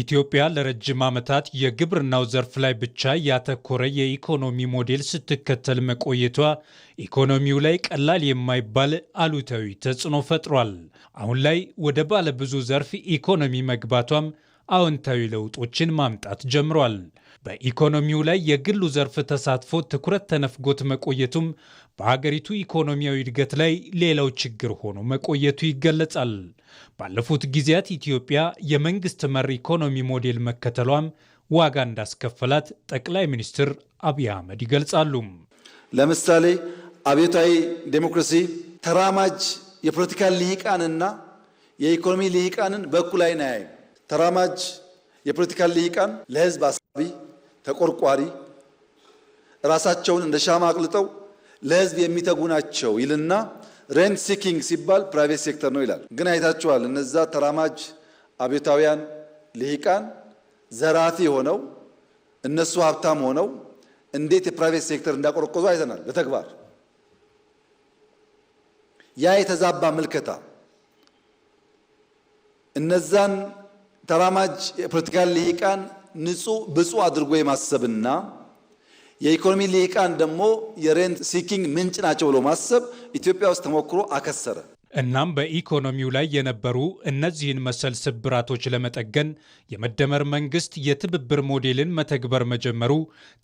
ኢትዮጵያ ለረጅም ዓመታት የግብርናው ዘርፍ ላይ ብቻ ያተኮረ የኢኮኖሚ ሞዴል ስትከተል መቆየቷ ኢኮኖሚው ላይ ቀላል የማይባል አሉታዊ ተጽዕኖ ፈጥሯል። አሁን ላይ ወደ ባለብዙ ዘርፍ ኢኮኖሚ መግባቷም አዎንታዊ ለውጦችን ማምጣት ጀምሯል። በኢኮኖሚው ላይ የግሉ ዘርፍ ተሳትፎ ትኩረት ተነፍጎት መቆየቱም በሀገሪቱ ኢኮኖሚያዊ እድገት ላይ ሌላው ችግር ሆኖ መቆየቱ ይገለጻል። ባለፉት ጊዜያት ኢትዮጵያ የመንግስት መር ኢኮኖሚ ሞዴል መከተሏም ዋጋ እንዳስከፈላት ጠቅላይ ሚኒስትር አብይ አህመድ ይገልጻሉ። ለምሳሌ አብዮታዊ ዴሞክራሲ ተራማጅ የፖለቲካ ልሂቃንና የኢኮኖሚ ልሂቃንን በእኩል አይን ተራማጅ የፖለቲካ ልሂቃን ለህዝብ አሳቢ ተቆርቋሪ ራሳቸውን እንደ ሻማ አቅልጠው ለህዝብ የሚተጉ ናቸው ይልና ሬንት ሲኪንግ ሲባል ፕራይቬት ሴክተር ነው ይላል። ግን አይታችኋል፣ እነዛ ተራማጅ አብዮታውያን ልሂቃን ዘራፊ ሆነው እነሱ ሀብታም ሆነው እንዴት የፕራይቬት ሴክተር እንዳቆረቆዙ አይተናል በተግባር። ያ የተዛባ ምልከታ እነዛን ተራማጅ የፖለቲካ ልሂቃን ንጹህ ብፁህ አድርጎ የማሰብና የኢኮኖሚ ልሂቃን ደግሞ የሬንት ሲኪንግ ምንጭ ናቸው ብሎ ማሰብ ኢትዮጵያ ውስጥ ተሞክሮ አከሰረ። እናም በኢኮኖሚው ላይ የነበሩ እነዚህን መሰል ስብራቶች ለመጠገን የመደመር መንግስት የትብብር ሞዴልን መተግበር መጀመሩ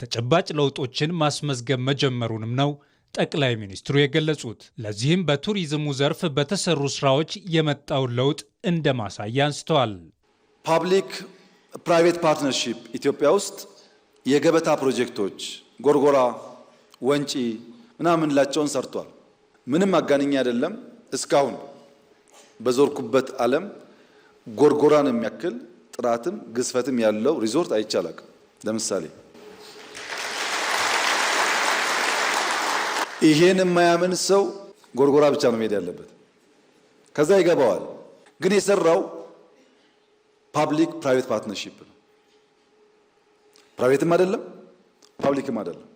ተጨባጭ ለውጦችን ማስመዝገብ መጀመሩንም ነው ጠቅላይ ሚኒስትሩ የገለጹት። ለዚህም በቱሪዝሙ ዘርፍ በተሰሩ ስራዎች የመጣውን ለውጥ እንደ ማሳያ አንስተዋል። ፓብሊክ ፕራይቬት ፓርትነርሺፕ ኢትዮጵያ ውስጥ የገበታ ፕሮጀክቶች ጎርጎራ፣ ወንጪ ምናምን ላቸውን ሰርቷል። ምንም አጋነኛ አይደለም። እስካሁን በዞርኩበት ዓለም ጎርጎራን የሚያክል ጥራትም ግዝፈትም ያለው ሪዞርት አይቻላቅ። ለምሳሌ ይሄን የማያምን ሰው ጎርጎራ ብቻ ነው መሄድ ያለበት። ከዛ ይገባዋል። ግን የሰራው ፓብሊክ ፕራይቬት ፓርትነርሺፕ ነው። ፕራይቬትም አይደለም ፓብሊክም አይደለም።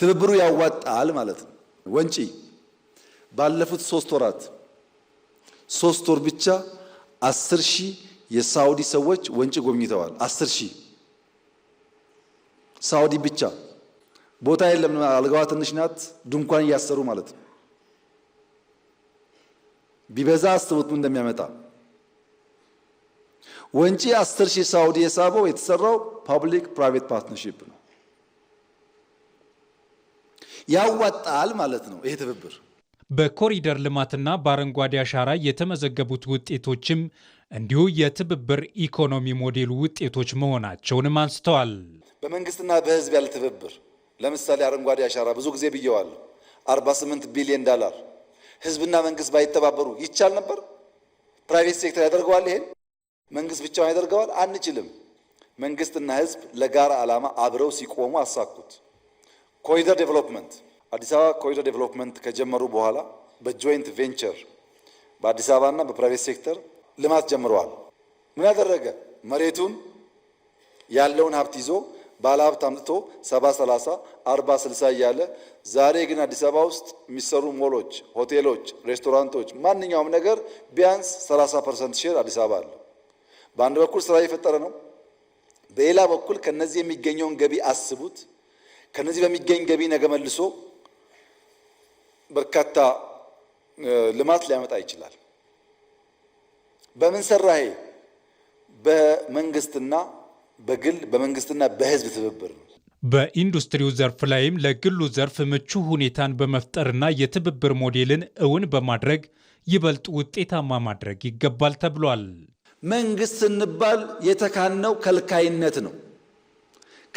ትብብሩ ያዋጣል ማለት ነው። ወንጪ ባለፉት ሶስት ወራት ሶስት ወር ብቻ አስር ሺህ የሳውዲ ሰዎች ወንጪ ጎብኝተዋል። አስር ሺህ ሳውዲ ብቻ ቦታ የለም። አልጋዋ ትንሽ ናት። ድንኳን እያሰሩ ማለት ነው። ቢበዛ አስቡት ምን እንደሚያመጣ ወንጪ 10 ሺህ ሳውዲ የሳበው የተሰራው ፐብሊክ ፕራይቬት ፓርትነርሺፕ ነው። ያዋጣል ማለት ነው ይሄ ትብብር። በኮሪደር ልማትና በአረንጓዴ አሻራ የተመዘገቡት ውጤቶችም እንዲሁ የትብብር ኢኮኖሚ ሞዴል ውጤቶች መሆናቸውንም አንስተዋል። በመንግስትና በህዝብ ያለ ትብብር ለምሳሌ አረንጓዴ አሻራ ብዙ ጊዜ ብየዋለሁ። 48 ቢሊዮን ዶላር ህዝብና መንግስት ባይተባበሩ ይቻል ነበር። ፕራይቬት ሴክተር ያደርገዋል ይሄን መንግስት ብቻውን ያደርገዋል አንችልም። መንግስትና ህዝብ ለጋራ ዓላማ አብረው ሲቆሙ አሳኩት። ኮሪደር ዴቨሎፕመንት አዲስ አበባ ኮሪደር ዴቨሎፕመንት ከጀመሩ በኋላ በጆይንት ቬንቸር በአዲስ አበባና በፕራይቬት ሴክተር ልማት ጀምረዋል። ምን ያደረገ መሬቱን ያለውን ሀብት ይዞ ባለ ሀብት አምጥቶ ሰባ ሰላሳ አርባ ስልሳ እያለ ዛሬ ግን አዲስ አበባ ውስጥ የሚሰሩ ሞሎች፣ ሆቴሎች፣ ሬስቶራንቶች ማንኛውም ነገር ቢያንስ ሰላሳ ፐርሰንት ሼር አዲስ አበባ አለው። በአንድ በኩል ስራ እየፈጠረ ነው። በሌላ በኩል ከነዚህ የሚገኘውን ገቢ አስቡት። ከነዚህ በሚገኝ ገቢ ነገ መልሶ በርካታ ልማት ሊያመጣ ይችላል። በምን ሰራሄ? በመንግስትና በግል በመንግስትና በህዝብ ትብብር ነው። በኢንዱስትሪው ዘርፍ ላይም ለግሉ ዘርፍ ምቹ ሁኔታን በመፍጠርና የትብብር ሞዴልን እውን በማድረግ ይበልጥ ውጤታማ ማድረግ ይገባል ተብሏል። መንግስት ስንባል የተካነው ከልካይነት ነው።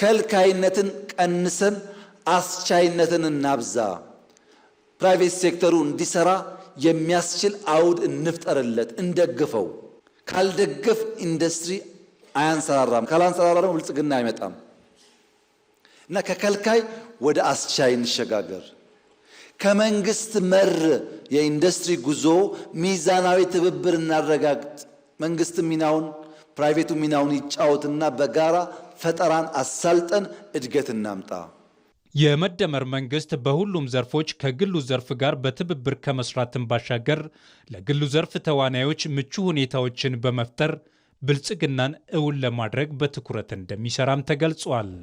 ከልካይነትን ቀንሰን አስቻይነትን እናብዛ። ፕራይቬት ሴክተሩ እንዲሰራ የሚያስችል አውድ እንፍጠርለት፣ እንደግፈው። ካልደገፍ ኢንዱስትሪ አያንሰራራም፣ ካላንሰራራ ደግሞ ብልጽግና አይመጣም እና ከከልካይ ወደ አስቻይ እንሸጋገር። ከመንግስት መር የኢንዱስትሪ ጉዞ ሚዛናዊ ትብብር እናረጋግጥ። መንግስት ሚናውን ፕራይቬቱ ሚናውን ይጫወትና በጋራ ፈጠራን አሳልጠን እድገት እናምጣ። የመደመር መንግስት በሁሉም ዘርፎች ከግሉ ዘርፍ ጋር በትብብር ከመስራትን ባሻገር ለግሉ ዘርፍ ተዋናዮች ምቹ ሁኔታዎችን በመፍጠር ብልጽግናን እውን ለማድረግ በትኩረት እንደሚሰራም ተገልጿል።